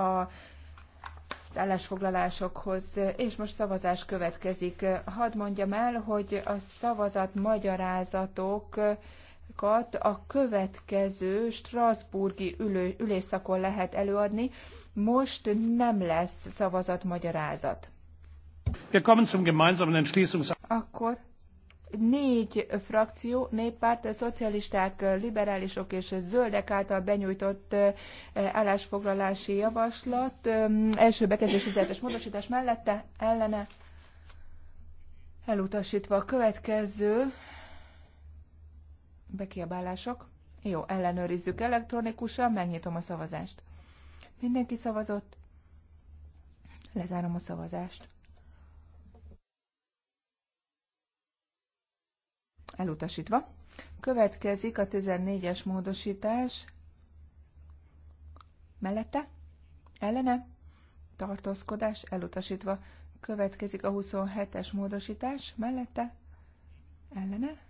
a az állásfoglalásokhoz, és most szavazás következik. Hadd mondjam el, hogy a szavazat magyarázatokat a következő Strasburgi ülő, ülésszakon lehet előadni. Most nem lesz szavazat magyarázat. Wir kommen zum gemeinsamen Akkor négy frakció, néppárt, szocialisták, liberálisok és zöldek által benyújtott eh, állásfoglalási javaslat. Eh, első bekezdés zártes módosítás mellette, ellene elutasítva a következő bekiabálások. Jó, ellenőrizzük elektronikusan, megnyitom a szavazást. Mindenki szavazott. Lezárom a szavazást. elutasítva. Következik a 14-es módosítás. Mellette? Ellene? Tartózkodás elutasítva. Következik a 27-es módosítás. Mellette? Ellene?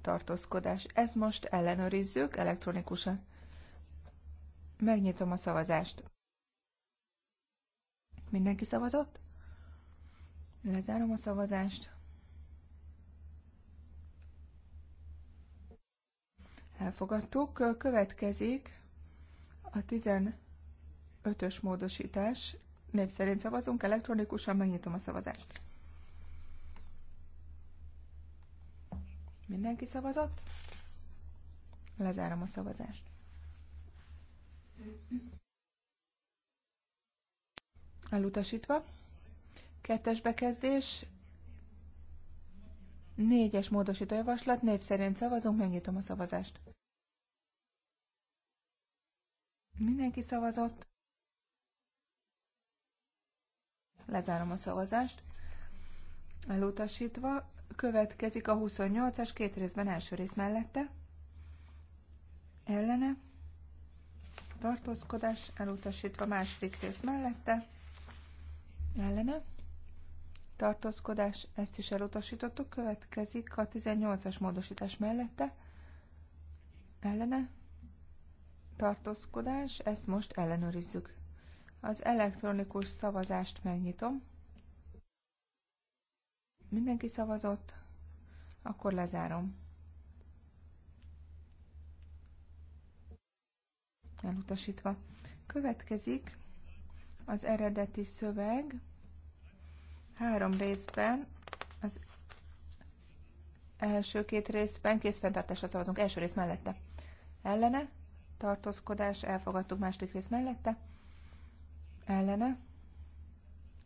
Tartózkodás. Ez most ellenőrizzük elektronikusan. Megnyitom a szavazást. Mindenki szavazott? Lezárom a szavazást. elfogadtuk. Következik a 15-ös módosítás. Név szerint szavazunk, elektronikusan megnyitom a szavazást. Mindenki szavazott? Lezárom a szavazást. Elutasítva. Kettes bekezdés, Négyes javaslat, név szerint szavazunk, megnyitom a szavazást. Mindenki szavazott. Lezárom a szavazást. Elutasítva következik a 28-as két részben első rész mellette. Ellene. Tartózkodás elutasítva második rész mellette. Ellene tartózkodás, ezt is elutasítottuk. Következik a 18-as módosítás mellette, ellene, tartózkodás, ezt most ellenőrizzük. Az elektronikus szavazást megnyitom. Mindenki szavazott, akkor lezárom. Elutasítva. Következik az eredeti szöveg. Három részben, az első két részben készfenntartásra szavazunk. Első rész mellette. Ellene, tartózkodás, elfogadtuk második rész mellette. Ellene,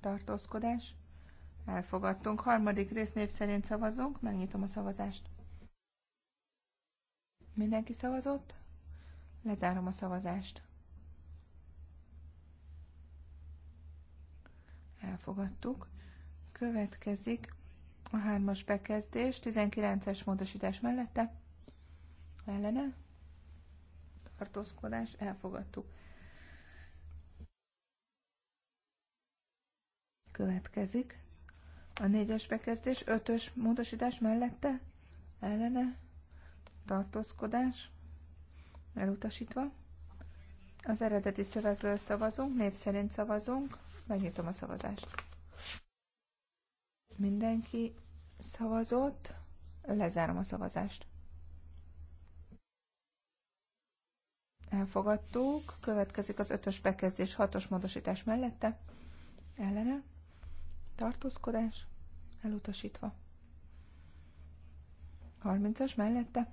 tartózkodás, elfogadtunk. Harmadik rész név szerint szavazunk, megnyitom a szavazást. Mindenki szavazott? Lezárom a szavazást. Elfogadtuk. Következik a hármas bekezdés, 19-es módosítás mellette. Ellene. Tartózkodás. Elfogadtuk. Következik a négyes bekezdés, ötös módosítás mellette. Ellene. Tartózkodás. Elutasítva. Az eredeti szövegről szavazunk, név szerint szavazunk. Megnyitom a szavazást. Mindenki szavazott. Lezárom a szavazást. Elfogadtuk. Következik az ötös bekezdés, hatos módosítás mellette. Ellene. Tartózkodás. Elutasítva. 30-as mellette.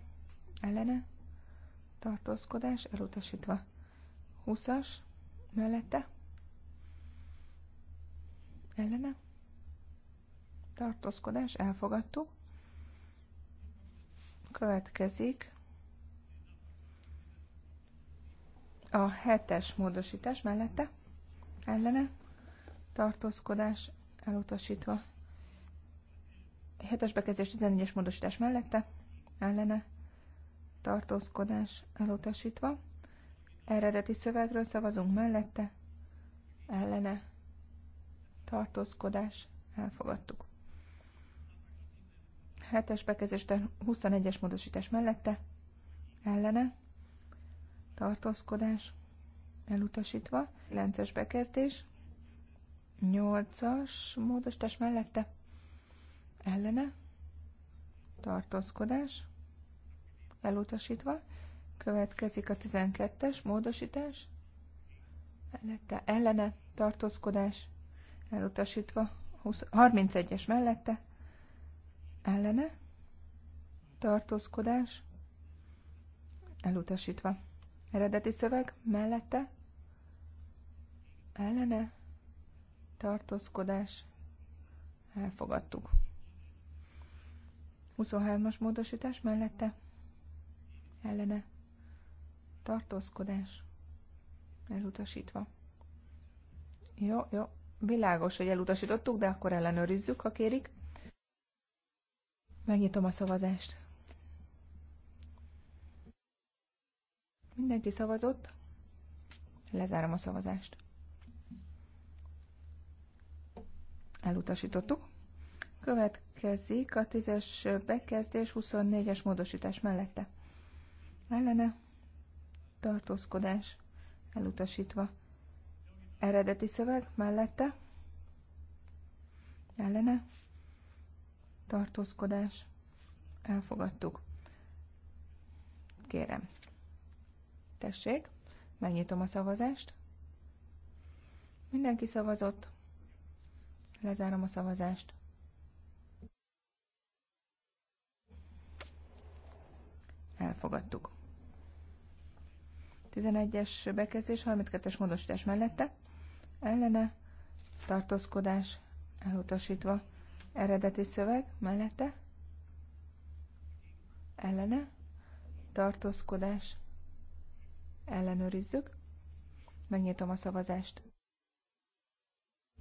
Ellene. Tartózkodás. Elutasítva. 20-as mellette. Ellene tartózkodás, elfogadtuk. Következik a hetes módosítás mellette, ellene, tartózkodás, elutasítva. Hetes bekezdés 14-es módosítás mellette, ellene, tartózkodás, elutasítva. Eredeti szövegről szavazunk mellette, ellene, tartózkodás, elfogadtuk. 7-es bekezdésten 21-es módosítás mellette, ellene, tartózkodás, elutasítva, 9-es bekezdés, 8-as módosítás mellette, ellene, tartózkodás, elutasítva, következik a 12-es módosítás, mellette, ellene, tartózkodás, elutasítva, 31-es mellette, ellene, tartózkodás, elutasítva. Eredeti szöveg mellette, ellene, tartózkodás, elfogadtuk. 23-as módosítás mellette, ellene, tartózkodás, elutasítva. Jó, jó, világos, hogy elutasítottuk, de akkor ellenőrizzük, ha kérik. Megnyitom a szavazást. Mindenki szavazott. Lezárom a szavazást. Elutasítottuk. Következik a 10-es bekezdés 24-es módosítás mellette. Ellene tartózkodás elutasítva. Eredeti szöveg mellette. Ellene tartózkodás, elfogadtuk. Kérem. Tessék, megnyitom a szavazást. Mindenki szavazott. Lezárom a szavazást. Elfogadtuk. 11-es bekezdés, 32-es módosítás mellette, ellene, tartózkodás, elutasítva, Eredeti szöveg mellette. Ellene. Tartózkodás. Ellenőrizzük. Megnyitom a szavazást.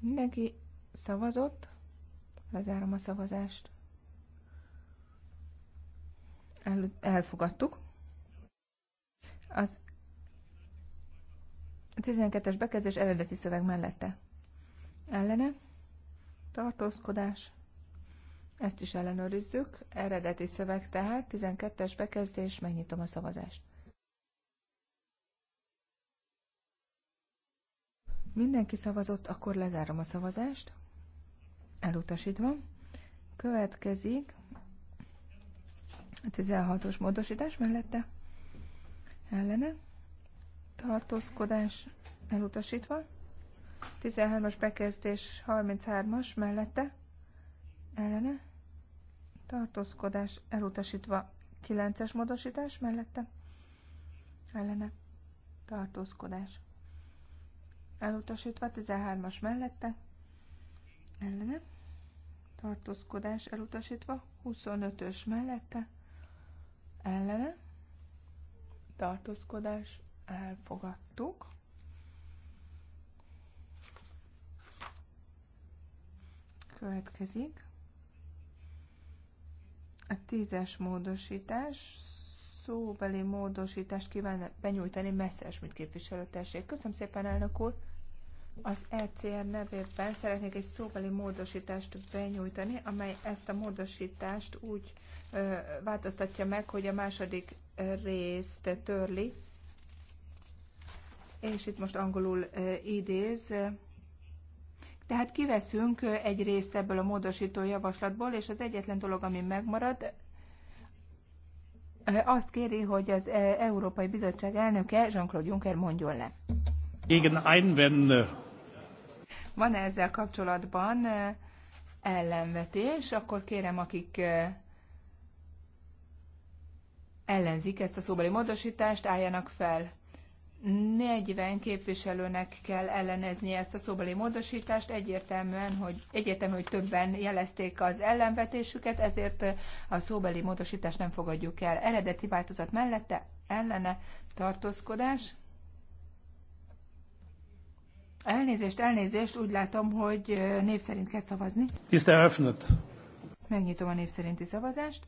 Mindenki szavazott. Lezárom a szavazást. El, elfogadtuk. Az 12-es bekezdés eredeti szöveg mellette. Ellene. Tartózkodás. Ezt is ellenőrizzük. Eredeti szöveg tehát, 12-es bekezdés, megnyitom a szavazást. Mindenki szavazott, akkor lezárom a szavazást. Elutasítva. Következik a 16-os módosítás mellette. Ellene. Tartózkodás elutasítva. 13-as bekezdés 33-as mellette ellene, tartózkodás elutasítva 9-es módosítás mellette, ellene, tartózkodás elutasítva 13-as mellette, ellene, tartózkodás elutasítva 25-ös mellette, ellene, tartózkodás elfogadtuk. Következik a tízes módosítás, szóbeli módosítást kíván benyújtani messzes, mint képviselőtesség. Köszönöm szépen, elnök úr! Az ECR nevében szeretnék egy szóbeli módosítást benyújtani, amely ezt a módosítást úgy ö, változtatja meg, hogy a második részt törli, és itt most angolul ö, idéz, tehát kiveszünk egy részt ebből a módosító javaslatból, és az egyetlen dolog, ami megmarad, azt kéri, hogy az Európai Bizottság elnöke Jean-Claude Juncker mondjon le. van -e ezzel kapcsolatban ellenvetés? Akkor kérem, akik ellenzik ezt a szóbeli módosítást, álljanak fel. 40 képviselőnek kell ellenezni ezt a szóbeli módosítást, egyértelműen, hogy, egyértelmű, hogy többen jelezték az ellenvetésüket, ezért a szóbeli módosítást nem fogadjuk el. Eredeti változat mellette ellene tartózkodás. Elnézést, elnézést, úgy látom, hogy név szerint kell szavazni. Tisztel Öfnöt. Megnyitom a név szerinti szavazást.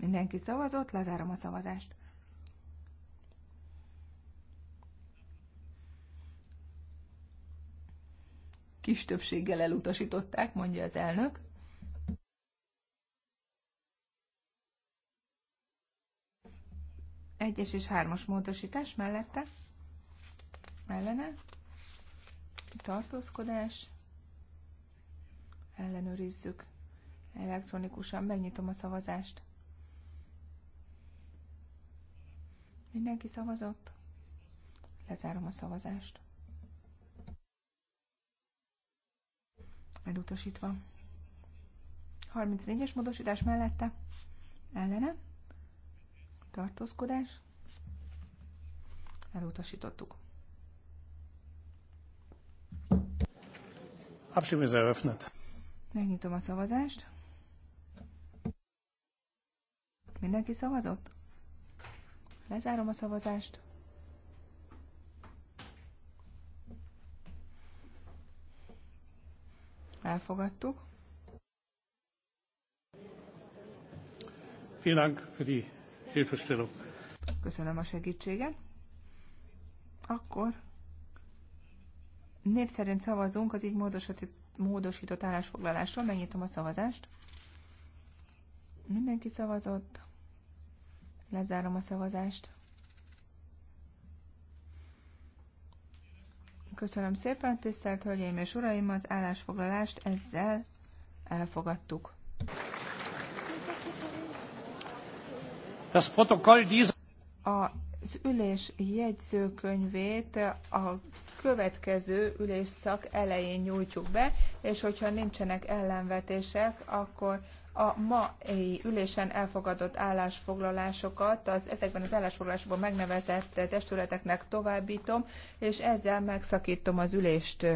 Mindenki szavazott, lezárom a szavazást. kis többséggel elutasították, mondja az elnök. Egyes és hármas módosítás mellette. Ellene. Tartózkodás. Ellenőrizzük. Elektronikusan megnyitom a szavazást. Mindenki szavazott? Lezárom a szavazást. Elutasítva. 34-es módosítás mellette. Ellene. Tartózkodás. Elutasítottuk. Megnyitom a szavazást. Mindenki szavazott? Lezárom a szavazást. Elfogadtuk. Köszönöm a segítséget. Akkor név szerint szavazunk az így módosított, módosított állásfoglalásról. Megnyitom a szavazást. Mindenki szavazott. Lezárom a szavazást. Köszönöm szépen, tisztelt Hölgyeim és Uraim, az állásfoglalást ezzel elfogadtuk. Az ülés jegyzőkönyvét a következő ülésszak elején nyújtjuk be, és hogyha nincsenek ellenvetések, akkor a mai ülésen elfogadott állásfoglalásokat az ezekben az állásfoglalásokban megnevezett testületeknek továbbítom, és ezzel megszakítom az ülést.